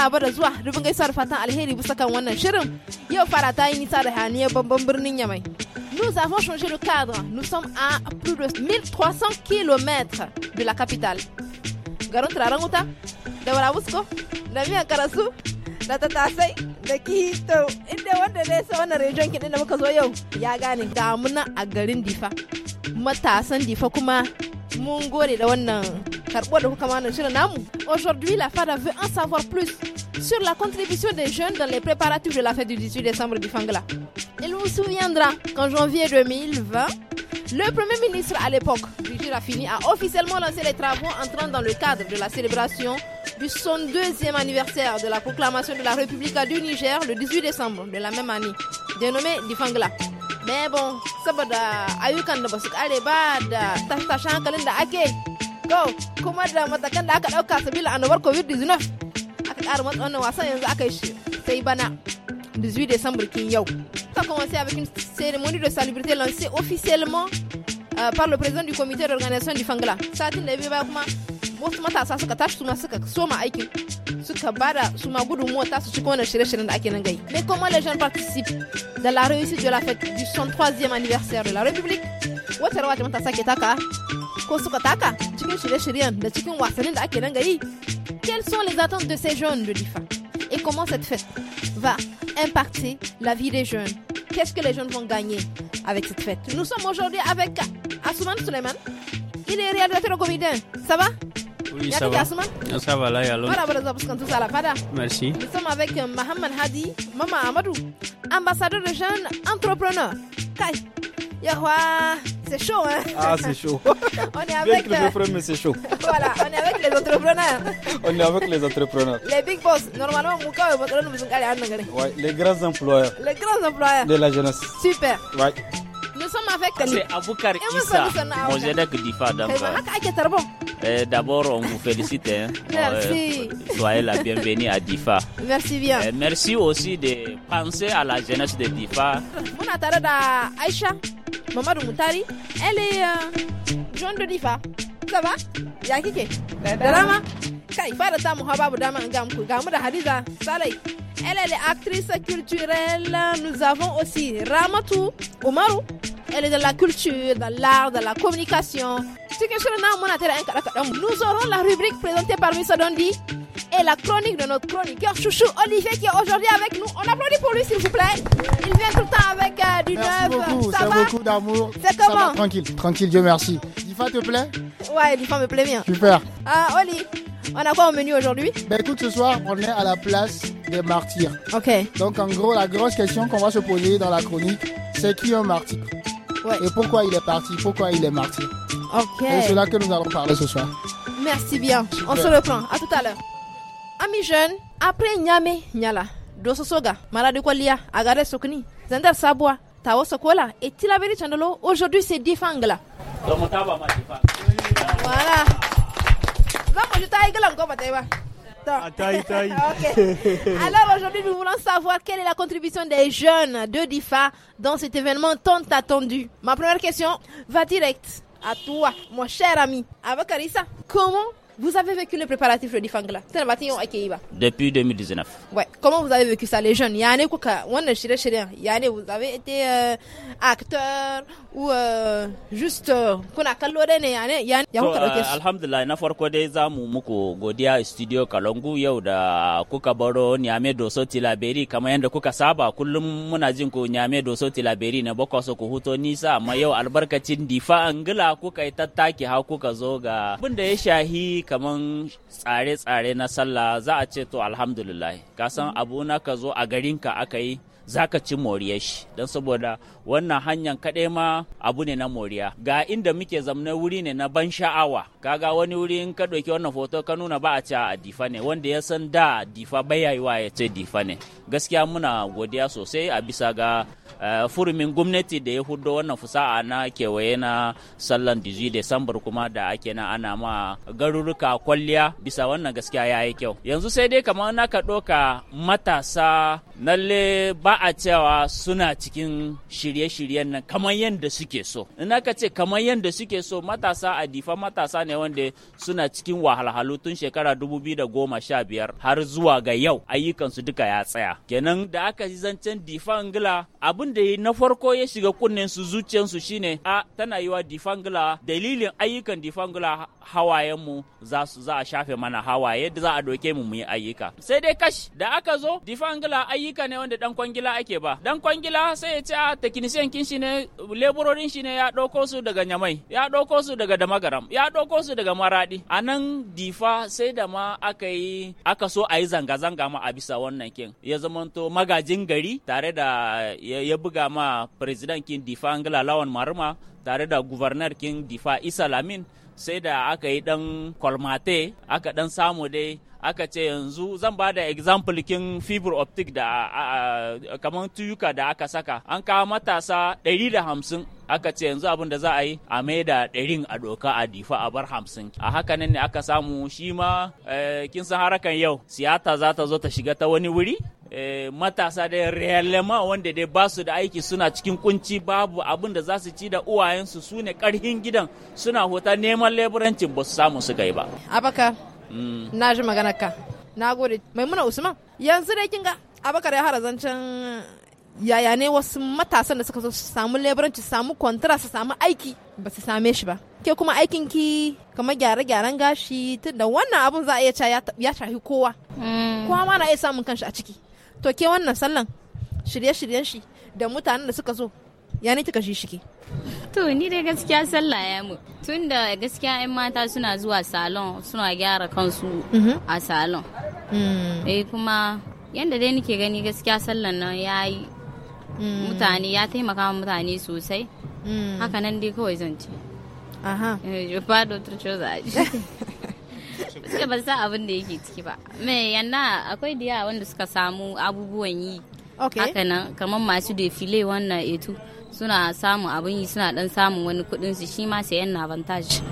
maraba da zuwa dubin gaisuwar fatan alheri bisa kan wannan shirin yau fara ta yi nisa da haniya babban birnin yamai Nous avons changé le cadre. Nous sommes à plus de 1300 km de la capitale. Garin Turaranguta, da Warabusko, da Miyan Karasu, da Tatasai, da Kihito. Inda wanda ne sa wannan region kiɗin da muka zo yau ya gane da muna a garin Difa. Matasan Difa kuma mun gore da wannan Aujourd'hui, la FADA veut en savoir plus sur la contribution des jeunes dans les préparatifs de la fête du 18 décembre du Fangla. Il vous souviendra qu'en janvier 2020, le Premier ministre à l'époque, Brigitte Raffini, a officiellement lancé les travaux entrant dans le cadre de la célébration du son deuxième anniversaire de la proclamation de la République du Niger le 18 décembre de la même année, dénommée FANGLA. Mais bon, ça va, ayukan da kare ba da to kuma da matakan da aka ɗauka sabila annobar covid-19 aka ƙara matsa wannan wasan yanzu aka yi shi sai bana 18 décembre kin yau ça a sai avec une cérémonie de salubrité lancé officiellement euh, par le président du comité d'organisation du Fangla. Ça a kuma mais comment les jeunes participent dans la réussite de la fête du 103e anniversaire de la république quelles sont les attentes de ces jeunes de l'IFA et comment cette fête va impacter la vie des jeunes qu'est-ce que les jeunes vont gagner avec cette fête Nous sommes aujourd'hui avec Asuman Suleiman. Il est réalisateur comédien. Ça va oui, ça va. Ça va, là, il y a l'autre. Merci. Nous sommes avec euh, Mohamed Hadi, Maman Amadou, ambassadeur de jeunes entrepreneurs. Yahwa, c'est chaud, hein Ah, c'est chaud. on est avec... Bien que le mais c'est chaud. voilà, on est avec les entrepreneurs. on est avec les entrepreneurs. Les big boss, normalement, à ouais, les grands employeurs. Les grands employeurs. De la jeunesse. Super. Oui. Nous sommes avec... C'est Aboukar Issa, avec générique d'Ifa Ah, C'est très eh ben, euh, bon. Eh, d'abord, on vous félicite. Hein. Merci. soyez euh, la bienvenue à DIFA. Merci bien. Eh, merci aussi de penser à la jeunesse de DIFA. Mon a Aïcha, maman de Moutari. Elle est euh, jeune de DIFA. Ça va Yakike. Eh ben, Drama elle est actrice culturelle nous avons aussi Ramatu Umaru elle est de la culture de l'art de la communication nous aurons la rubrique présentée par Miss Dondi et la chronique de notre chroniqueur Chouchou Olivier qui est aujourd'hui avec nous. On applaudit pour lui s'il vous plaît. Il vient tout le temps avec euh, du merci Beaucoup, ça beaucoup d'amour. C'est ça va, Tranquille, tranquille, Dieu merci. Difa te plaît Ouais, Difa me plaît bien. Super. Ah, Oli, on a quoi au menu aujourd'hui Ben écoute, ce soir, on est à la place des martyrs. Ok. Donc en gros, la grosse question qu'on va se poser dans la chronique, c'est qui est un martyr ouais. Et pourquoi il est parti Pourquoi il est martyr Ok. C'est cela que nous allons parler ce soir. Merci bien. On se reprend. À tout à l'heure. Amis jeunes, après Nyame, Nyala, Dososoga, Malade Kwalia, Agare Sokni, Zender Sabwa, Tawo Sokola et beri Chandolo, aujourd'hui c'est Fangla. Voilà. Alors aujourd'hui, nous voulons savoir quelle est la contribution des jeunes de DIFA dans cet événement tant attendu. Ma première question va direct à toi, mon cher ami, avec Arissa. Comment vous avez vécu les préparatifs de Difangla Depuis 2019. Ouais. Comment vous avez vécu ça, les jeunes Yanné Kouka, Yanné, vous avez été euh, acteur ou euh, juste. Kuna kallore ne Yanné Yanné Alhamdulillah, na farko dai za mu muku godiya studio Kalongu yau da kuka baro Nyame Doso Tilaberi kamar yadda kuka saba kullum muna jin ku Nyame Doso Tilaberi na bakwaso ku huto nisa amma yau albarkacin Difa Angila kuka yi tattaki ha kuka zo ga abin ya shahi kamar tsare-tsare na sallah za a ce to alhamdulillah ka san abu na ka zo a garinka aka yi za ka ci moriya shi don saboda wannan hanyar kaɗai ma abu ne na moriya ga inda muke zamne wuri ne na ban sha'awa kaga wani wuri in ka ɗauki wannan foto ka nuna ba a ce a difa ne wanda ya san da difa bayayewa ya ce difa ne gaskiya muna godiya sosai a bisa ga eh, furumin gwamnati da ya hudo wannan fusa'a na kewaye na sallan dizi desambar kuma da ake na ana ma garuruka kwalliya bisa wannan gaskiya ya yi kyau yanzu sai dai kamar na ka ɗauka matasa lalle ba a cewa suna cikin shirye-shiryen nan kamar yadda suke so in aka ce kamar yadda suke so matasa a difa matasa ne wanda suna cikin wahalhalu tun shekara da goma sha biyar. har zuwa ga yau ayyukansu duka ya tsaya kenan da aka yi zancen difa ngila abin da na farko ya shiga kunnen su zuciyansu shine a tana yiwa difa ngila dalilin ayyukan difa ngila hawayenmu za su za a shafe mana hawaye da za a doke mu mu yi ayyuka sai dai kash da aka zo difa ngila ayyuka ne wanda dan kwangila kwangila ake ba dan kwangila sai ya ce a ah, technician kin shi ne leburorin shi ne ya ɗauko su daga nyamai ya ɗauko su daga damagaram ya ɗauko su daga maradi a nan difa sai da ma aka yi aka so a yi zanga-zanga ma a bisa wannan kin ya zamanto magajin gari tare da ya buga ma president kin difa angila lawan maruma tare da guvernar kin difa isa lamin sai da aka yi dan kwalmate aka dan samu dai aka ce yanzu zan ba da example kin fiber optic da kamar tuyuka da aka saka an kawo matasa 150 aka ce yanzu abin da za a yi a maida ɗarin a doka a difa a bar hamsin a haka nan ne aka samu shi ma eh, kin san harakan yau siyata za ta zo ta shiga ta wani wuri eh, matasa da realema wanda dai ba su da aiki suna cikin kunci babu abin da za su ci da uwayensu su ne karhin gidan suna hota neman leburancin ba su samu su kai ba abaka na ji magana ka na gode maimuna usman yanzu dai kin ga abakar ya hara zancen yaya ne wasu matasan da suka so su samu leburanci samu kwantara su samu aiki ba su same shi ba ke kuma aikin ki kamar gyare-gyaren gashi tun da wannan abun za a iya ya shafi kowa mm. kowa ma na iya samun kanshi a ciki to ke wannan sallan shirye-shiryen shi da mutanen da suka zo ya ne ka shi ke to ni dai gaskiya sallah ya mu tun da gaskiya 'yan mata suna zuwa salon suna gyara kansu mhm. a salon mm. eh kuma yadda dai nike gani gaskiya sallan nan ya yi mm. mutane ya taimaka mutane sosai mm. haka nan dai kawai zan aha jufa fa da otra cosa suka ba sa abin da yake ciki ba me yanna akwai da wanda suka samu abubuwan yi haka nan kamar masu defile wannan etu suna samun abin yi suna dan samun wani kudin su shi ma sayan na vantage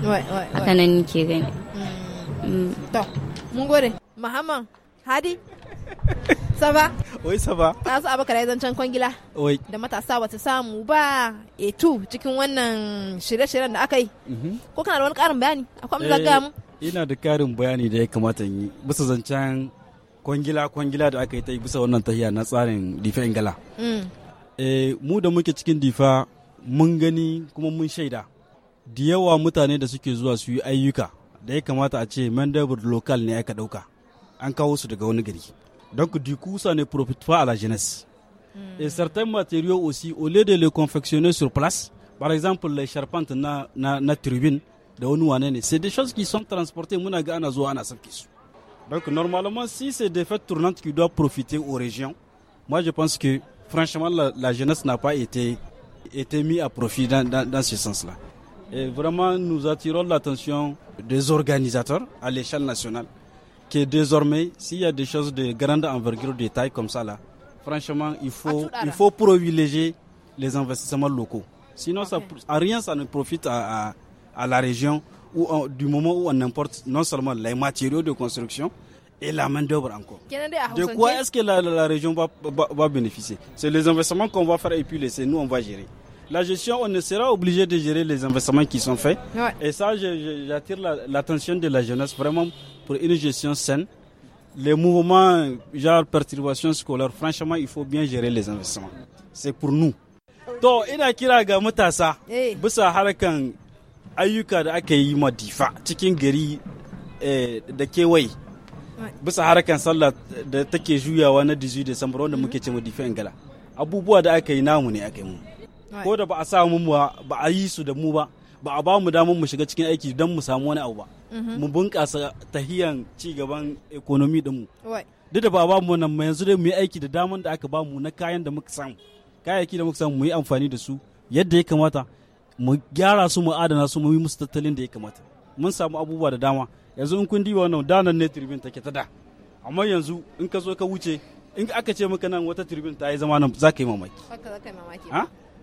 haka nan ke gani mm. Mm. to mun gode muhammad hadi saba oi saba ta su abu karai zancen kwangila oi da matasa wata samu ba etu cikin wannan shirye-shiryen da aka yi mhm. ko kana da wani karin bayani akwai abin ga eh, mu ina da karin bayani da ya kamata yi bisa zancen kwangila kwangila da aka yi ta bisa wannan tahiya na tsarin dife ingala mm. Eh, mu da muke cikin difa mun gani kuma mun shaida da yawa mutane da suke zuwa su yi ayyuka da ya kamata a ce mandabur local ne aka dauka an kawo su daga wani gari donc du coup ça ne profite pas à la jeunesse hmm. et certains matériaux aussi au lieu de les confectionner sur place par exemple les charpentes na na, na turbine da wani wane ne c'est des choses qui sont transportées muna ga ana zuwa ana sauke su donc normalement si c'est des fêtes tournantes qui doivent profiter aux régions moi je pense que franchement, la, jeunesse n'a pas été, été mise à profit dans, ce sens-là. Et vraiment, nous attirons l'attention des organisateurs à l'échelle nationale, que désormais, s'il y a des choses de grande envergure, de taille comme ça, là, franchement, il faut, il faut privilégier les investissements locaux. Sinon, ça, à rien, ça ne profite à, la région Ou du moment où on importe non seulement les matériaux de construction, et la main d'oeuvre encore. De quoi est-ce que la, région va, va, bénéficier C'est les investissements qu'on va faire et puis laisser nous, on va gérer. La gestion, on ne sera obligé de gérer les investissements qui sont faits. Et ça, j'attire l'attention de la jeunesse vraiment pour une gestion saine. Les mouvements, genre perturbations scolaires, franchement, il faut bien gérer les investissements. C'est pour nous. ina kira bisa harakan sallah da take juyawa na 18 December wanda muke cewa modifiyan gala abubuwa da aka yi namu ne aka yi mu ko da ba a samu mu ba a yi su da mu ba ba a ba mu damar mu shiga cikin aiki don mu samu wani abu ba mm-hmm. mu bunƙasa tahiyan ci gaban ekonomi mu duk da ba a ba mu nan yanzu dai mu yi aiki da damar da aka ba mu na kayan da muka samu kayayyaki da muka samu mu yi amfani da su yadda ya kamata mu gyara su mu adana su mu yi musu tattalin da ya kamata mun samu abubuwa da dama yanzu in kun diba wannan danan ne tribune take ta da amma yanzu in ka zo ka wuce in aka ce maka nan wata tribune ta yi zama nan za ka yi mamaki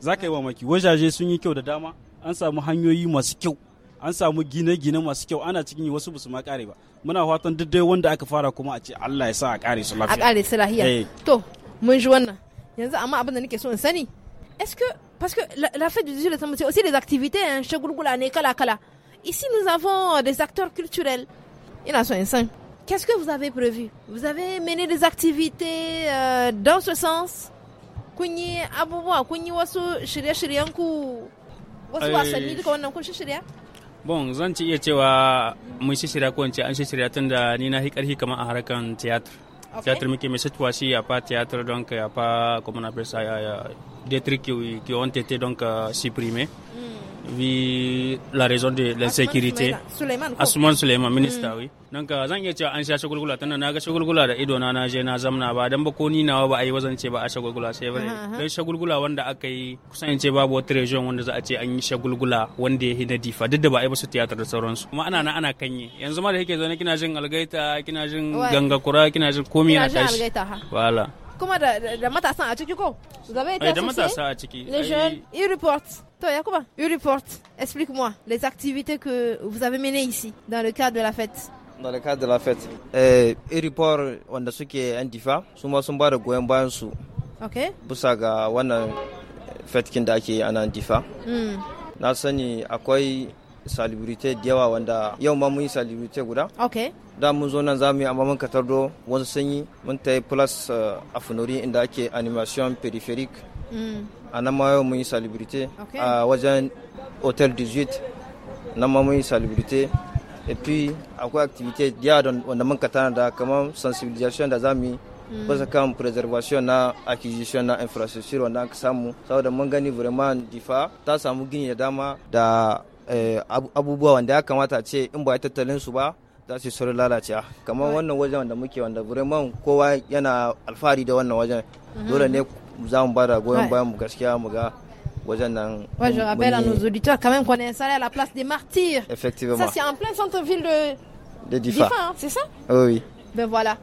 za ka yi mamaki wajaje sun yi kyau da dama an samu hanyoyi masu kyau an samu gine-gine masu kyau ana cikin yi wasu busu ma kare ba muna fatan duk dai wanda aka fara kuma a ce Allah ya sa a kare su lafiya a kare su lafiya eh. to mun ji wannan yanzu amma abin da nake so in sani est-ce que parce que la, fête du 18 décembre c'est aussi des activités hein, shagulgula ne kala kala Ici, nous avons euh, des acteurs culturels. Il a sont cinq. Qu'est-ce que vous avez prévu Vous avez mené des activités euh, dans ce sens bon zanci ci iya cewa mun shirya ko an shirya tun da ni na karfi kamar a harkan tiyatar tiyatar muke mai situwa shi a fa tiyatar don ka ya fa kuma na fesa ya des trucs qui, qui ont été donc euh, supprimés hmm. vi la raison de l'insécurité asman Suleiman minista wi mm. donc euh, zan iya cewa an sha shagulgula tana na ga shagulgula da ido na na je na zamna ba dan ba ko ni nawa ba ai wazan ce ba a shagulgula sai bare dan shagulgula wanda aka yi kusan in ce babu wata region wanda za a ce an yi shagulgula wanda ya hi na difa duk da ba ai ba su tiyatar da sauransu kuma ana na ana kanye yanzu ma da kike zo kina jin algaita kina jin ganga kura kina jin komi na tashi wala Comment la matasse a ciki ko vous avez été les jeunes ils reportent Ils explique-moi les activités que vous avez menées ici dans le cadre de la fête. dans le cadre de la fête. Eh, Iripor wanda suke yan difa su ma sun ba da goyon bayan Ok. Okay. Bisa ga wannan fetkin da ake ana difa. Hmm. salibirite da yawa wanda yau ma mun yi salibirite guda da mun zo nan za zamu yi amma mun katardo wasu sanyi mun ta yi plus eh, a funori inda ake animation peripheric mm. a nan ma yau mun yi salibirite a wajen hotel 18 nan ma mun yi salibirite epi akwai activité da yawa wanda mun katana da kamar sensibilisation da zamu yi mm. bisa kan preservation na acquisition na infrastructure wanda aka samu saboda mun gani vraiment difa ta samu gini da dama da Eh, abubuwa wanda ya kamata ce in ba tattalin su ba za su saurin lalacewa kamar wannan wajen wanda muke wanda vraiment kowa yana alfahari da wannan wajen mhm. dole ne za mu bada goyon bayan mu gaskiya mu ga wajen nan ouais, je rappelle à nos auditeurs quand même qu'on est installé à la place des martyrs effectivement ça c'est en plein centre-ville de de Difa, Difa hein, c'est ça oui ben voilà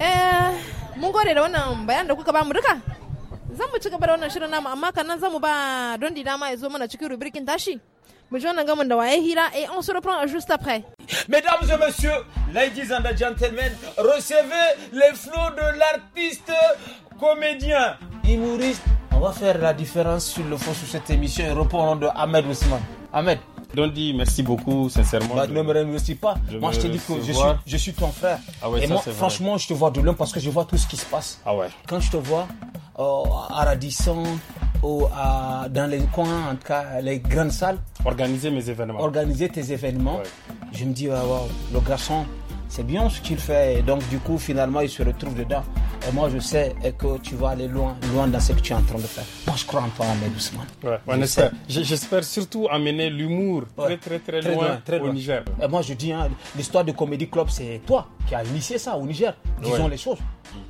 eh mun gore da wannan bayan da kuka ba mu duka zamu mu ci gaba wannan shirin namu amma kanan zamu ba don dama ya zo mana cikin rubrikin tashi mu ji wannan da waye hira et eh, on se reprend juste après. Mesdames et messieurs, ladies and gentlemen, recevez les flots de l'artiste comédien humoriste. On va faire la différence sur le fond sur cette émission et répondre de Ahmed Ousmane. Ahmed, donc dit merci beaucoup, sincèrement. Bah, ne me remercie pas. moi, je te dis que je suis, ton frère. Ah et moi, franchement, je te vois de loin parce que je vois tout ce qui se passe. Ah ouais. Quand je te vois euh, à Radisson, ou dans les coins, en tout cas, les grandes salles. Organiser mes événements. Organiser tes événements. Je me dis, ah, le garçon, c'est bien ce qu'il fait. donc, du coup, finalement, il se retrouve dedans. Et moi, je sais que tu vas aller loin, loin dans ce que tu es en train de faire. Moi, je crois en toi, Ahmed Ousmane. J'espère surtout amener l'humour très, très, très, loin, au Niger. Et moi, je dis, hein, l'histoire de Comedy Club, c'est toi qui as initié ça au Niger. Disons les choses.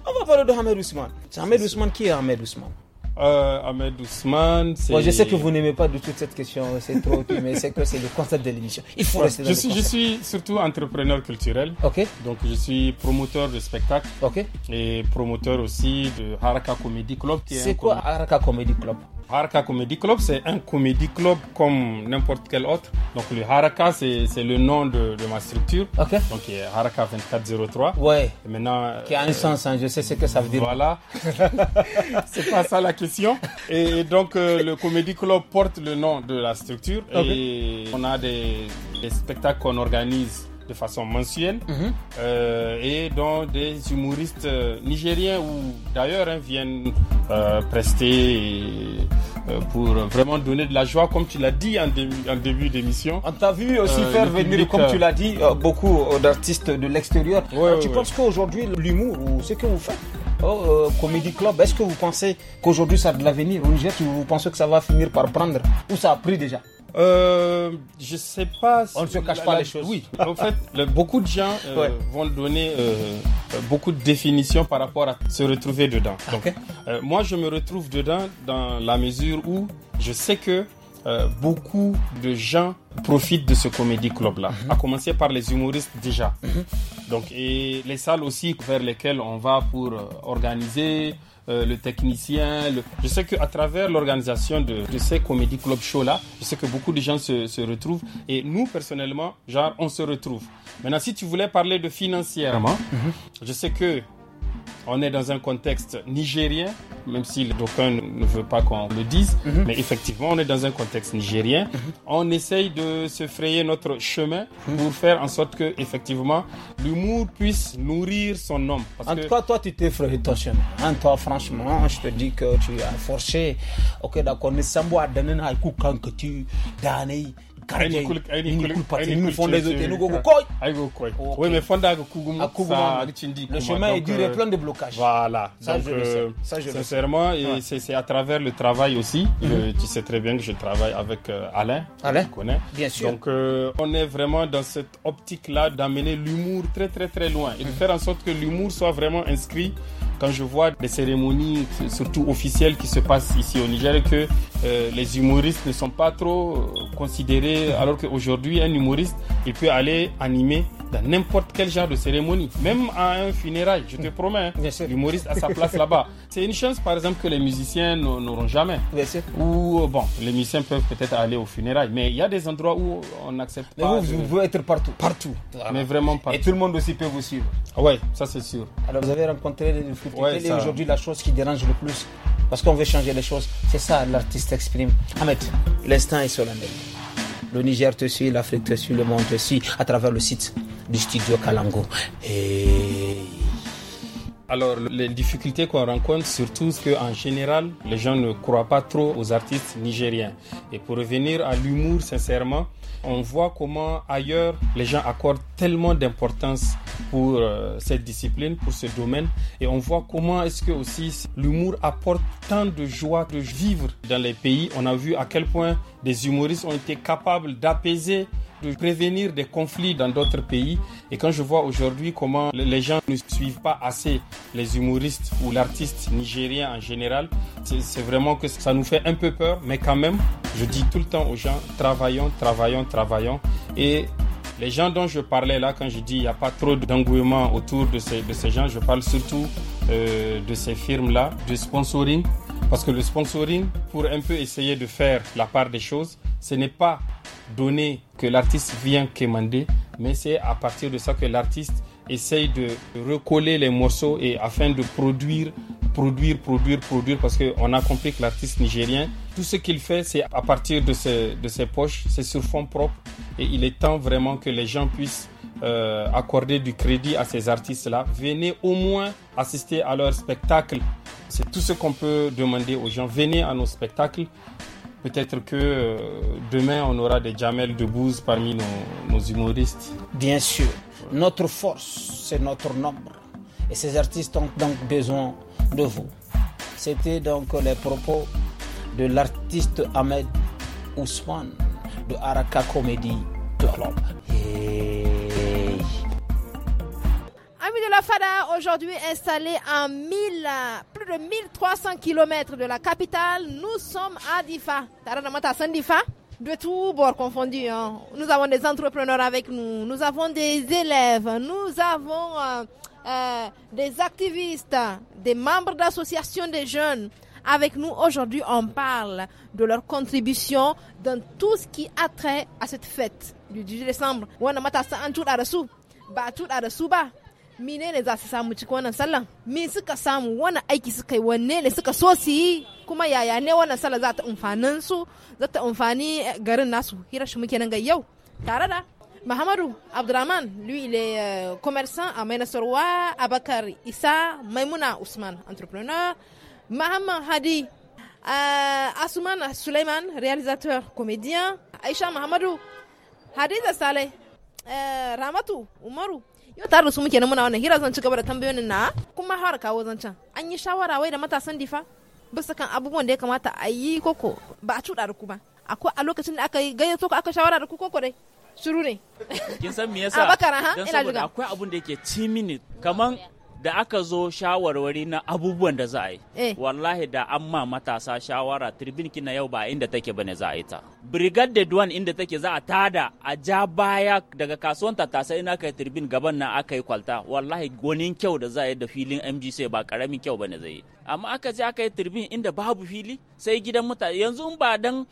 On va parler de Ahmed Ousmane. C'est Ahmed Ousmane qui est Ahmed Ousmane euh, Ahmed Ousmane. je sais que vous n'aimez pas du tout cette question, c'est trop, mais c'est que c'est le concept de l'émission. Il faut rester je, suis, je suis surtout entrepreneur culturel. Ok. Donc je suis promoteur de spectacle. Ok. Et promoteur aussi de Haraka Comedy Club. C'est quoi Haraka Comedy Club Haraka Comedy Club, c'est un comédie club comme n'importe quel autre. Donc le Haraka, c'est le nom de, ma structure. Donc il y a Haraka 2403. Ouais. maintenant. Qui a un sens, je sais ce que ça veut dire. Voilà. c'est pas ça la question. Et donc euh, le comédie club porte le nom de la structure. Et on a des, des spectacles qu'on organise de façon mensuelle mhm. euh, et dont des humoristes euh, nigériens ou d'ailleurs hein, viennent euh, prester euh, pour vraiment donner de la joie comme tu l'as dit en, en début d'émission. On t'a vu aussi faire venir comme tu l'as dit beaucoup d'artistes de l'extérieur. tu penses qu'aujourd'hui l'humour ou ce que vous faites Comédie Comedy Club, est-ce que vous pensez qu'aujourd'hui ça a de l'avenir au Niger Vous pensez que ça va finir par prendre ou ça a pris déjà euh, je sais pas. Si on ne se cache pas les choses. Oui, en fait, beaucoup de gens euh, vont donner euh, euh, beaucoup de définitions par rapport à se retrouver dedans. Donc, moi, je me retrouve dedans dans la mesure où je sais que beaucoup de gens profitent de ce comédie club-là, a mhm. à commencer par les humoristes déjà. Mhm. Donc, et les salles aussi vers lesquelles on va pour organiser euh, le technicien. Je sais qu'à travers l'organisation de, ces comédie club show là, je sais que beaucoup de gens se, retrouvent et nous personnellement, genre on se retrouve. Maintenant, si tu voulais parler de financièrement, je sais que on est dans un contexte nigérien, même si le d'aucuns ne veut pas qu'on le dise, mhm. mais effectivement, on est dans un contexte nigérien. Mhm. On essaye de se frayer notre chemin mhm. pour faire en sorte que, effectivement, l'humour puisse nourrir son homme. en toi, tu t'es frayé ton chemin. En toi, franchement, je te dis que tu es forcé. Ok, d'accord, mais ça on un coup quand que tu, le chemin est dur et euh, plein de blocages voilà ça, je le euh, sincèrement c'est à travers le travail aussi mhm. tu sais très bien que je travaille avec euh, Alain Alain connais bien sûr donc on est vraiment dans cette optique là d'amener l'humour très très très loin et de mhm. faire en sorte que l'humour soit vraiment inscrit quand je vois des cérémonies, surtout officielles, qui se passent ici au Niger, que euh, les humoristes ne sont pas trop euh, considérés, alors qu'aujourd'hui, un humoriste, il peut aller animer dans n'importe quel genre de cérémonie, même à un funérail, je te mm. promets, hein, l'humoriste a sa place là-bas. C'est une chance, par exemple, que les musiciens n'auront jamais. Ou, euh, bon, les musiciens peuvent peut-être aller au funérail, mais il y a des endroits où on n'accepte pas. vous, vous pouvez être partout. Partout. Mais vraiment partout. Et tout le monde aussi peut vous suivre. Oui, ça c'est sûr. Alors, vous avez rencontré les difficultés. Quelle aujourd'hui la chose qui dérange le plus Parce qu'on veut changer les choses. C'est ça, l'artiste exprime. Ahmed, l'instinct est solennel. Le Niger te suit, l'Afrique te suit, le monde te suit à travers le site du studio Kalango. Alors, les difficultés qu'on rencontre, surtout, c'est qu'en général, les gens ne croient pas trop aux artistes nigériens. Et pour revenir à l'humour, sincèrement, on voit comment ailleurs, les gens accordent tellement d'importance pour euh, cette discipline, pour ce domaine. Et on voit comment est-ce que aussi l'humour apporte tant de joie de vivre dans les pays. On a vu à quel point des humoristes ont été capables d'apaiser de prévenir des conflits dans d'autres pays. Et quand je vois aujourd'hui comment les gens ne suivent pas assez les humoristes ou l'artiste nigérien en général, c'est vraiment que ça nous fait un peu peur, mais quand même, je dis tout le temps aux gens, travaillons, travaillons, travaillons. Et les gens dont je parlais là, quand je dis il n'y a pas trop d'engouement autour de ces, de ces gens, je parle surtout euh, de ces firmes-là, du sponsoring. Parce que le sponsoring, pour un peu essayer de faire la part des choses, ce n'est pas donné que l'artiste vient commander, mais c'est à partir de ça que l'artiste essaye de recoller les morceaux et afin de produire, produire, produire, produire, parce qu'on a compris que l'artiste nigérien, tout ce qu'il fait, c'est à partir de ses, poches, c'est sur fond propre. Et il est temps vraiment que les gens puissent euh, accorder du crédit à ces artistes-là. Venez au moins assister à leur spectacle. C'est tout ce qu'on peut demander aux gens. Venez à nos spectacles. Peut-être que euh, demain, on aura des Jamel Debbouze parmi nos, nos humoristes. Bien sûr. Notre force, c'est notre nombre. Et ces artistes ont donc besoin de vous. C'était donc les propos de l'artiste Ahmed Ousmane de Araka Comedy Club. Hey. Amis de la Fada, aujourd'hui installés à 1000, plus de 1300 km de la capitale, nous sommes à Difa. Difa de tout bord confondu. Hein. Nous avons des entrepreneurs avec nous, nous avons des élèves, nous avons euh, euh, des activistes, des membres d'associations des jeunes, avec nous aujourd'hui. On parle de leur contribution dans tout ce qui a trait à cette fête du 10 décembre. Wannan matasa an tuɗa da ba Mine ne za su samu cikin wannan sallan? Me suka samu? wannan aiki suka yi? Wanne ne suka so su yi? Kuma yaya ne wannan sallah za ta amfanin su? Za ta amfani eh, garin nasu? Hira shi muke nan ga yau tare da Mahamadou Abdraman, lui, il est euh, commerçant à Ménasorwa, Abakar Issa, Maimuna Ousmane, entrepreneur, Mahama Hadi, euh, Asuman Suleiman, réalisateur, comédien, Aisha Mahamadou, Hadiza Saleh, euh, Ramatou, Umaru. Yau tare da su muke nan muna wannan hira zan ci gaba da tambayoyin na kuma har kawo can. An yi shawara wai da matasan difa bisa kan abubuwan da ya kamata a yi koko ba a cuɗa da ku ba. Akwai a lokacin da aka yi gayyato ko aka shawara da ku koko dai. Shiru ne. Kin san me yasa? A bakara ha ina jiga. Akwai abun da yake ci mini kaman da aka zo shawarwari na abubuwan da za a yi walahi eh. wallahi da an ma matasa shawara tribinki na yau ba inda take bane za a yi ta brigade de duwan inda take za a tada a ja baya daga kasuwan tatasa ina kai tribin gaban na aka yi kwalta wallahi gonin kyau da za a yi da filin mgc ba karamin kyau bane zai yi amma aka je aka yi tribin inda babu fili sai gidan mutane yanzu in ba dan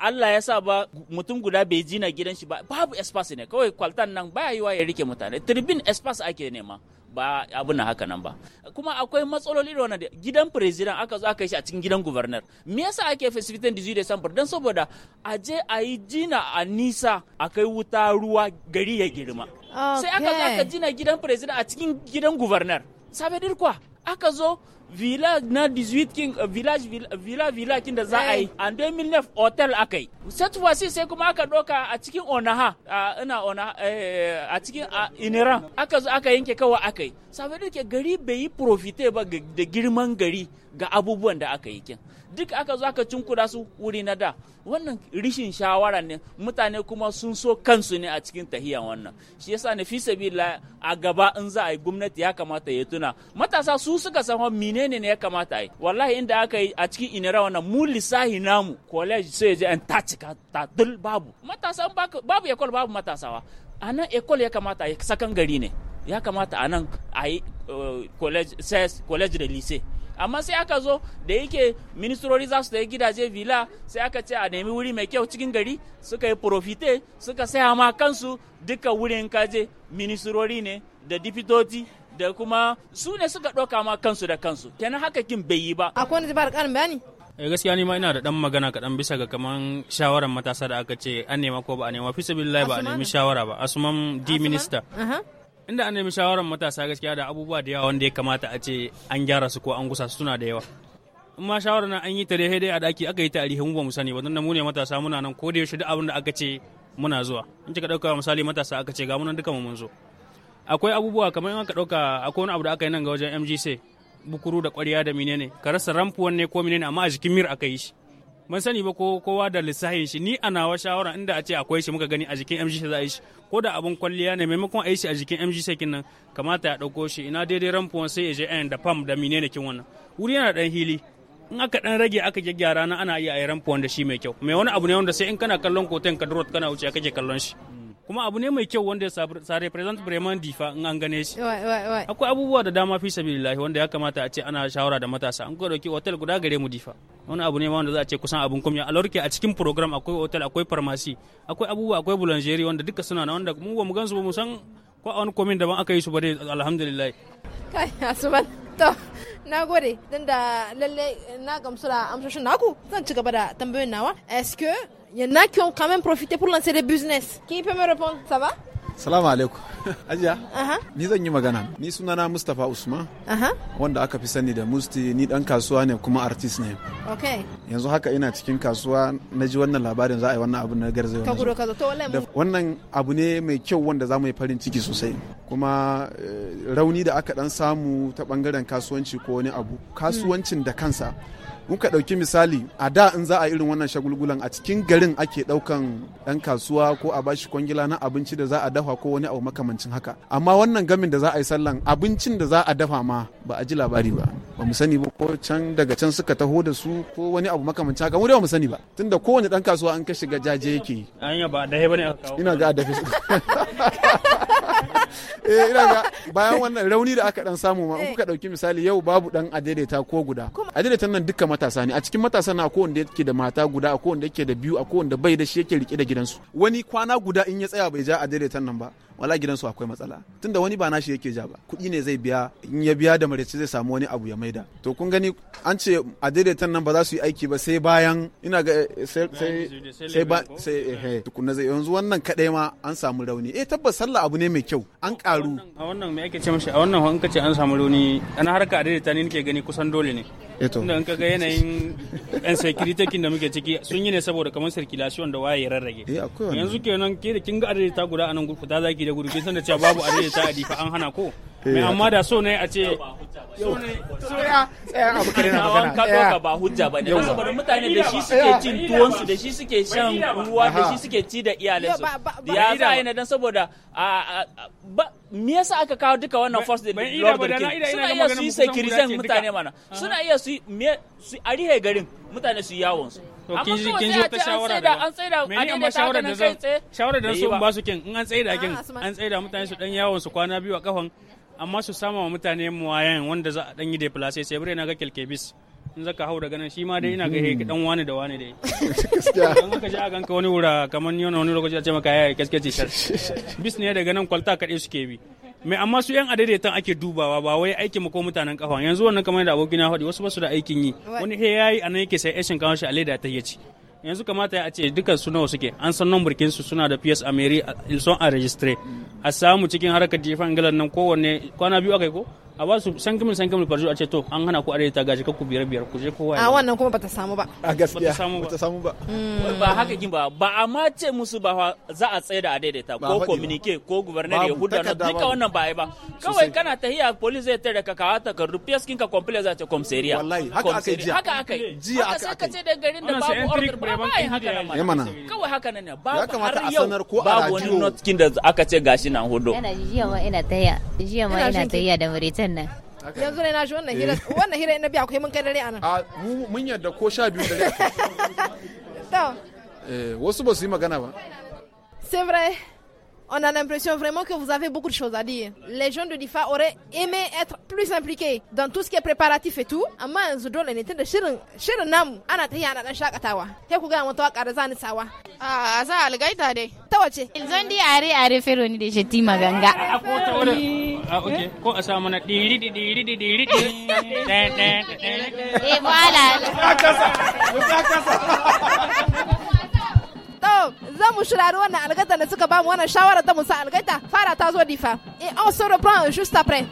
Allah ya sa ba mutum guda bai jina gidan shi ba babu espace ne kawai kwaltan nan baya wa ya rike mutane tribin espace ake nema ba abin haka nan ba kuma akwai matsaloli da wannan gidan president aka zo aka yi shi a cikin gidan governor me yasa ake festivitin 18 December dan saboda a je a yi jina a nisa a kai wuta ruwa gari ya girma sai aka zo aka jina gidan president a cikin gidan governor sabe dirkwa aka zo Eh, village na 18 king village villa villa kin da za a yi eh. a 2009 hotel aka yi set ci sai kuma aka doka a cikin onaha ina onaha eh, a cikin iniran aka zo aka yanke kawai aka yi saboda ke gari bai yi profite ba da girman gari ga abubuwan da aka yi kin duk aka zo aka cinkura su wuri na da wannan rishin shawara ne mutane kuma sun so kansu ne a cikin tahiyan wannan shi yasa ne fi sabila a gaba in za a yi gwamnati ya kamata ya tuna matasa su suka san menene ne ya kamata a yi wallahi inda aka yi a cikin inira wannan mu lissahi namu college sai je an ta ka ta dul babu matasa babu ekol babu matasawa a nan ekol ya kamata a sakan gari ne ya kamata a nan a yi eh, college da lise amma sai aka zo da yake ministrori za su da gidaje villa sai aka ce a nemi wuri mai kyau cikin gari suka yi profite suka saya ma kansu duka wurin kaje ministrori ne da dipitoti da kuma su ne suka ɗauka ma kansu da kansu kenan haka kin bai yi ba akwai wani zai ba ƙarin bayani eh, gaskiya ni ma ina da dan magana kaɗan bisa ga kaman shawarar matasa da aka ce an nema ko ba a nema fi ba a nemi shawara ba asuman d minister inda an nemi shawarar matasa gaskiya da abubuwa da yawa wanda ya kamata a ce an gyara su ko an gusa su suna da yawa in ma shawarar nan an yi ta dai a daki aka yi ta alihin mu ba mu sani ba don mu ne matasa muna nan ko da yaushe duk abin da aka ce muna zuwa in kika dauka misali matasa aka ce ga mu nan duka mun zo akwai abubuwa kamar in aka dauka akwai wani abu da aka yi nan ga wajen MGC bukuru da ƙwarya da menene ka rasa rampuwan ne ko menene amma a jikin mir aka yi shi ban sani ba ko kowa da lissahin shi ni a nawa shawara inda a ce akwai shi muka gani a jikin MG za a yi shi ko da abun kwalliya ne maimakon a yi shi a jikin MG sai nan kamata ya dauko shi ina daidai ramfuwan sai ya je ayin da pam da menene kin wannan wuri yana dan hili in aka dan rage aka gyaggyara na ana iya a yi da shi mai kyau mai wani abu ne wanda sai in kana kallon koten ka kana wuce kake kallon shi kuma abu ne mai kyau wanda ya sa represent Bremen Difa in an gane shi akwai abubuwa da dama fi sabilillahi wanda ya kamata a ce ana shawara da matasa an dauki hotel guda gare mu Difa wani abu ne wanda za a ce kusan abun kumya a lorke a cikin program akwai hotel akwai farmasi akwai abubuwa akwai boulangerie wanda duka suna na wanda mu ba mu gansu ba mu san ko a wani komin daban aka yi su ba dai alhamdulillah kai asuban to na gode tunda lalle na gamsu da amsoshin naku zan ci gaba da tambayoyin nawa est ce que. Il y en a qui ont quand même profité pour lancer des business. Qui peut me répondre Ça va Salam alaikum. Ajiya, ni zan yi magana. Ni sunana Mustapha Usman, wanda aka fi sani da Musti, ni dan kasuwa ne kuma artist ne. Okay. Yanzu haka ina cikin kasuwa na ji wannan labarin za a yi wannan abu na garzayo. Ka gudu ka zo, to wallahi. Wannan abu ne mai kyau wanda za mu yi farin ciki sosai. Kuma eh, rauni da aka dan samu ta bangaren kasuwanci ko wani abu, kasuwancin da kansa muka ɗauki misali a da in za a irin wannan shagulgulan a cikin garin ake ɗaukan ɗan kasuwa ko a bashi kwangila na abinci da za a dafa ko wani abu makamancin haka amma wannan gamin da za a yi sallan abincin da za a dafa ma ba a ji labari ba ba mu sani ba ko can daga can suka taho da su ko wani abu makamancin haka mu dai ba mu sani ba tunda kowane ɗan kasuwa an ka shiga jaje yake an ba dahe bane ina ga dafe Eh, bayan wannan rauni da aka dan samu ma eh. kuka dauki misali yau babu dan adaidaita ko guda adaidaitan nan duka matasa ne a cikin matasa na akwai wanda yake da mata guda akwai wanda yake da biyu akwai wanda bai da shi yake rike da gidansu wani kwana guda in ya tsaya bai ja adaidaitan nan ba wala gidansu akwai matsala tunda wani ba nashi yake ja ba kuɗi ne zai biya in ya biya da marece zai samu wani abu ya maida to kun gani an ce a daidaitan nan ba za su yi aiki ba sai bayan ina ga eh, sai ba sai eh, eh tukunna zai yanzu wannan kadai ma an samu rauni eh tabbas sallah abu ne mai kyau an karu a wannan me ake ce mashi a wannan in ka ce an samu rauni ana harka a daidaita ne nake gani kusan dole ne eh, tunda in ka ga yanayin yan security da muke ciki sun yi ne saboda kamar circulation da waye rarrage yanzu kenan ke da kin ga adadi ta guda anan ku ta zaki da gudu kin da cewa babu ta adi fa an hana ko eh, mai amma da so ne a ce so ne ba hujja ba ne saboda mutane da shi suke cin tuwon da shi suke shan ruwa da shi suke ci da iyalansu ya za a dan saboda me yasa aka kawo duka wannan first day lord king suna iya su yi mutane mana suna iya su arihe garin mutane su yi yawon su kin ji in an tsaida kin ah, an tsaida dan yawon su kwana biyu a kafan amma su sama wa mutane muwayan wanda za a dan yi deplace sai bare na ga kelkebis in zaka hau shi ma dai ina ga dan wani da wani dai an ka ji a ganka wani wura kamar yana wani lokaci a ce maka yaya kaske ce bis ne daga nan kwalta kaɗai suke bi mai amma su yan adaidaitan ake dubawa ba wai aikin ko mutanen kafa yanzu wannan kamar da abokina faɗi wasu basu da aikin yi wani he yayi nan yake sai ashin kawo shi a leda ta yace yanzu kamata ya ce dukkan su nawa suke an san nan burkin su suna da PS Ameri ilson a registre a samu cikin harkar jefan galan nan kowanne kwana biyu akai ko a ba su san kimin san a ce to an hana ku arewa ta gashi ku biyar biyar ku je kowa a wannan kuma bata samu ba a gaskiya bata samu ba mm. ba haka kin ba ba amma ce musu ba za a tsaye da adaidaita ko communique ko gouverneur ya huda na duka wannan ba ba kawai kana tahiya police zai tare ka kawo takardu PS kinka complete za ta komseriya wallahi haka aka jiya haka aka jiya haka aka ce da garin da babu order ba ba haka nan ma kawai haka nan ne ba har yau ba wani not kin da aka ce gashi nan hudu yana jiya ma ina tahiya jiya ma ina tahiya da Mauritania c'est vrai on a l'impression vraiment que vous avez beaucoup de choses à dire. Les gens de DIFA auraient aimé être plus impliqués dans tout ce qui est préparatif et tout. Ah, ok. Eh? Ko a samu na diri diri diri diri diri. Eh, voilà. za mu shirari wannan algaita da suka bamu wannan shawara ta musa algaita fara ta zo difa. Et eh, on se reprend juste après.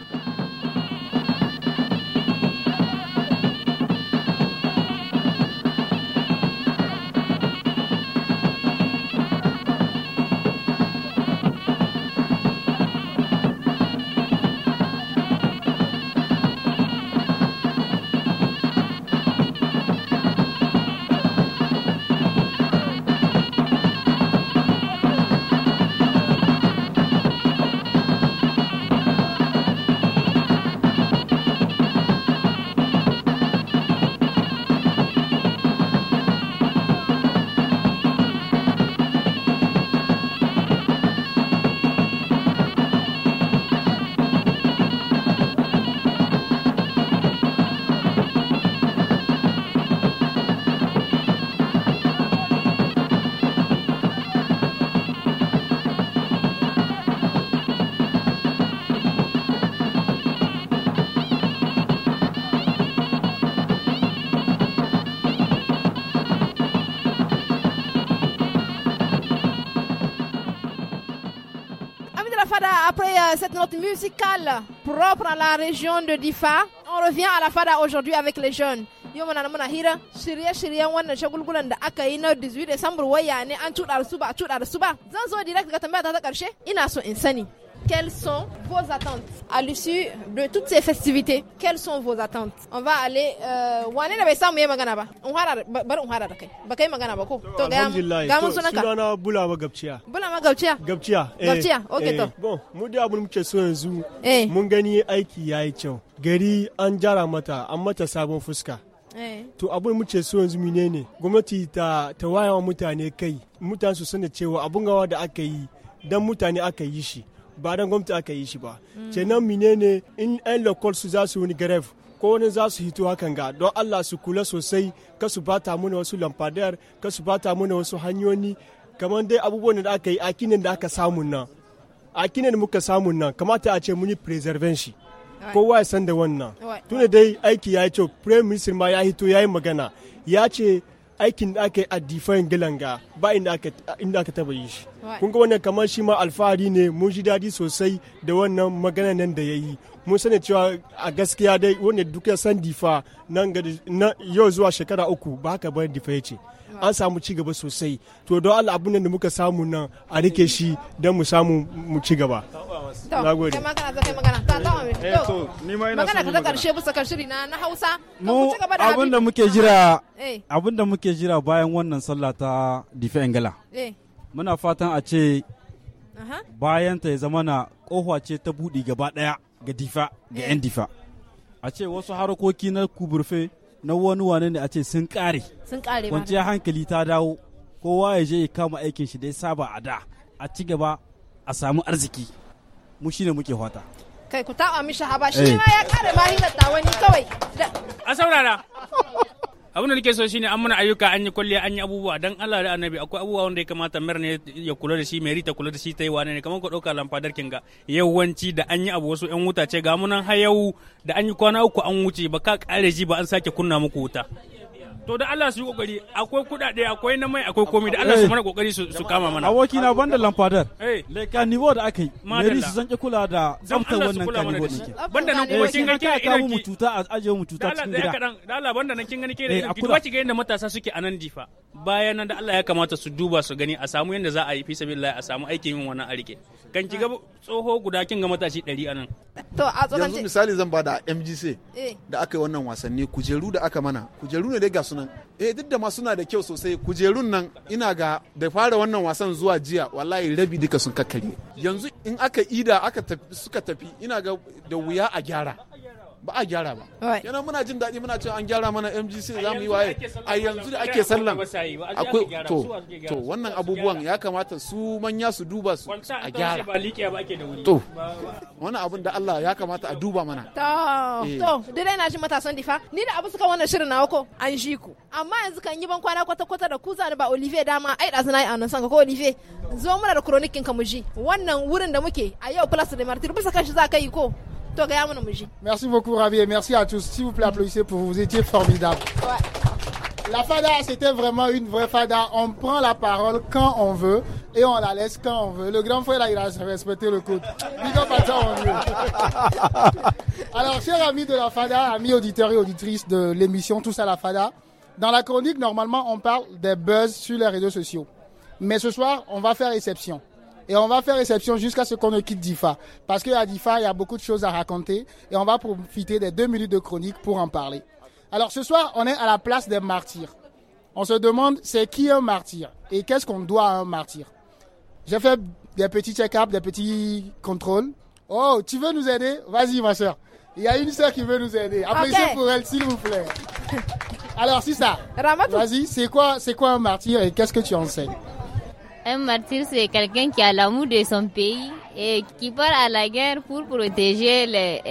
après euh, cette note musicale propre à la région de Difa, on revient à la Fada aujourd'hui avec les jeunes. Yo muna muna hira shirye-shiryen wannan shagulgulan da aka yi na 18 December waya ne an cuɗa su ba a cuɗa su ba zan zo direct ga tambaya ta ta ƙarshe ina so in sani quelles sont vos attentes à l'issue de toutes ces festivités Quelles sont vos attentes On va aller euh bai magana ba. bari Ba magana ba ko? To to. Eh. Eh, bon, abun muke yanzu eh. gani aiki yayi kyau. Gari an jara mata, an mata sabon fuska. To abin muke yanzu mine ne gwamnati ta ta wayawa mutane kai mutane su sani cewa abun gawa da aka yi dan mutane aka yi shi ba dan gwamnati aka yi shi ba kenan menene in yan lokal su za su wani garef ko wani za su hito hakan ga don Allah su kula sosai ka su bata mana wasu lamfadar ka su bata mana wasu hanyoyi kamar dai abubuwan da aka yi akinin da aka samu nan akinin da muka samu nan kamata a ce muni preservation shi kowa ya san da wannan tunda dai aiki ya yi kyau prime minister ma ya hito ya yi magana ya ce aikin da aka yi a difayin gilanga ba inda aka taba yi shi kun ga wannan kamar shi ma alfahari ne mun ji daɗi sosai da wannan magana nan da ya yi mun sani cewa a gaskiya dai wannan duk ya san difa nan yau zuwa shekara uku ba haka ba difa ya ce an samu ci gaba sosai to don Allah abun da muka samu nan a rike shi don mu samu mu ci gaba nagode magana ka ta karshe bisa kan na na Hausa mu abun da muke jira eh. abun da muke jira bayan wannan sallah ta Dife Engala eh. muna fatan a ce bayan ta ya zama na kofa ce ta buɗe gaba ɗaya ga difa ga 'yan eh. difa a ce wasu harkoki na kuburfe na wani wane ne a ce sun kare sun hankali ta dawo kowa ya je ya kama aikin shi da ya saba a da a ci gaba a samu arziki mu shine muke fata kai ku ta'a mishi haba eh. shi ma ya kare ma wani kawai a saurara abin da nake so shine an mana ayyuka an yi kwalliya an yi abubuwa dan Allah da Annabi akwai abubuwa wanda ya kamata mer ne ya kula da shi mai rita kula da shi ta yi wane ne kamar a dauka lamfadar kinga yawanci da an yi abu wasu yan wuta ce ga munan hayau da an yi kwana uku an wuce ba ka kare ji ba an sake kunna muku wuta to da Allah su yi kokari akwai kudade akwai na mai akwai komai da Allah su mana kokari su kama mana aboki na banda lampadar eh. le nivo da akai yi meri su sanke kula da tsaftar wannan kanivo ne banda nan kuma eh, kin ga ke ka mu mututa a aje mu tuta cikin gida da Allah banda nan kin gani ke da eh, ki duba ki ga yadda matasa suke anan difa bayan nan da Allah ya kamata su duba su gani a samu yadda za a yi fi sabilillah a samu aikin yin wannan arike kan ki ga tsoho guda kin ga matashi 100 anan to a yanzu misali zan bada MGC da aka yi wannan wasanni kujeru da aka mana kujeru ne dai ga su nan eh duk da ma suna da kyau sosai kujerun nan ina ga da fara wannan wasan zuwa jiya wallahi rabi duka sun kakkare yanzu in aka ida aka suka tafi ina ga da wuya a gyara ba a gyara ba kenan muna jin daɗi muna cewa an gyara mana MGC za mu yi waye a yanzu da ake sallan akwai to to wannan abubuwan ya kamata su manya su duba su a gyara to wani abin da Allah ya kamata a duba mana to eh. to dai na shi matasan difa ni da abu suka wannan shirin nawa ko an shi ku amma yanzu kan yi ban kwana kwata kwata da ku zani ba Olivier dama ai da sanayi anan sanka ko Olivier zo muna da chronic ka mu ji wannan wurin da muke a yau plus da martir bisa kan shi za ka yi ko Merci beaucoup, Ravi, et merci à tous. S'il vous plaît, applaudissez pour vous. Vous étiez formidable. La fada, c'était vraiment une vraie fada. On prend la parole quand on veut et on la laisse quand on veut. Le grand frère, là, il a respecté le code. Alors, chers amis de la fada, amis auditeurs et auditrices de l'émission Tous à la fada, dans la chronique, normalement, on parle des buzz sur les réseaux sociaux. Mais ce soir, on va faire exception. Et on va faire réception jusqu'à ce qu'on ne quitte DIFA. Parce qu'à DIFA, il y a beaucoup de choses à raconter et on va profiter des deux minutes de chronique pour en parler. Alors ce soir, on est à la place des martyrs. On se demande, c'est qui un martyr et qu'est-ce qu'on doit à un martyr J'ai fait des petits check-ups, des petits contrôles. Oh, tu veux nous aider Vas-y, ma soeur. Il y a une soeur qui veut nous aider. Appréciez pour elle, s'il vous plaît. Alors, c'est ça. Vas-y, c'est quoi, c'est quoi un martyr et qu'est-ce que tu enseignes un martyr, c'est quelqu'un qui a l'amour de son pays et qui part à la guerre pour protéger les,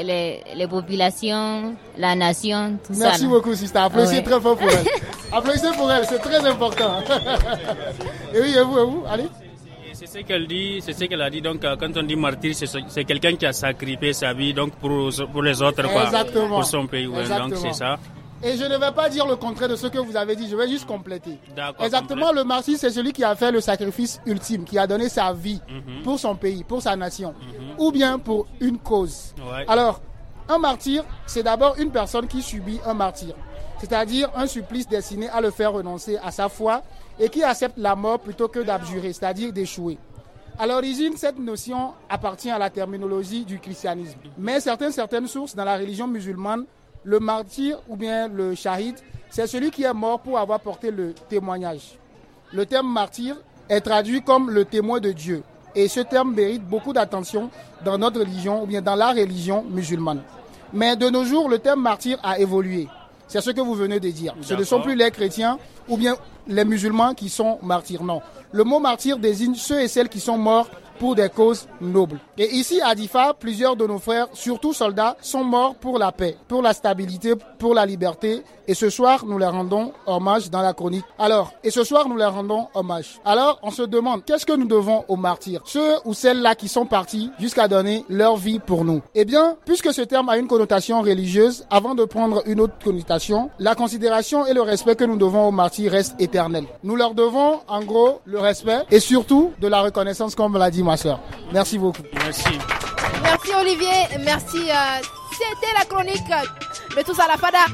les, populations, la nation, tout ça. Merci beaucoup, Sista. Applaudissez ah très fort pour elle. Applaudissez pour elle, c'est très important. et oui, et vous, et vous, allez c'est ce qu'elle dit, c'est ce qu'elle a dit. Donc, euh, quand on dit martyr, c'est quelqu'un qui a sacrifié sa vie donc pour, pour les autres, quoi, pour son pays. donc, c'est ça. Et je ne vais pas dire le contraire de ce que vous avez dit, je vais juste compléter. Exactement, le martyr, c'est celui qui a fait le sacrifice ultime, qui a donné sa vie mhm. pour son pays, pour sa nation, mhm. ou bien pour une cause. Alors, un martyr, c'est d'abord une personne qui subit un martyr, c'est-à-dire un supplice destiné à le faire renoncer à sa foi et qui accepte la mort plutôt que d'abjurer, c'est-à-dire d'échouer. À l'origine, cette notion appartient à la terminologie du christianisme, mais certaines, certaines sources dans la religion musulmane le martyr ou bien le shahid, c'est celui qui est mort pour avoir porté le témoignage. Le terme martyr est traduit comme le témoin de Dieu. Et ce terme mérite beaucoup d'attention dans notre religion ou bien dans la religion musulmane. Mais de nos jours, le terme martyr a évolué. C'est ce que vous venez de dire. Ce ne sont plus les chrétiens ou bien les musulmans qui sont martyrs. Non. Le mot martyr désigne ceux et celles qui sont morts pour des causes nobles. Et ici, à Difa, plusieurs de nos frères, surtout soldats, sont morts pour la paix, pour la stabilité, pour la liberté et ce soir, nous leur rendons hommage dans la chronique. Alors, et ce soir, nous leur rendons hommage. Alors, on se demande, qu'est-ce que nous devons aux martyrs Ceux ou celles-là qui sont partis jusqu'à donner leur vie pour nous. Eh bien, puisque ce terme a une connotation religieuse, avant de prendre une autre connotation, la considération et le respect que nous devons aux martyrs restent éternels. Nous leur devons, en gros, le respect et surtout de la reconnaissance, comme l'a dit ma soeur. Merci beaucoup. Merci. Merci Olivier, merci. Euh, C'était la chronique de Tous à la Fada.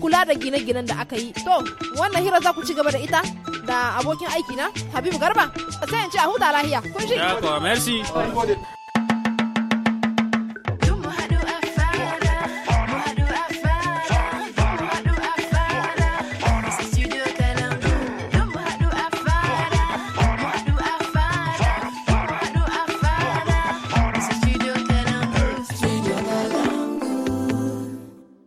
kula da gine-ginen da aka yi to wannan hira za ku ci gaba da ita da abokin aiki na habibu garba sai in ce a huta lahiya kun shi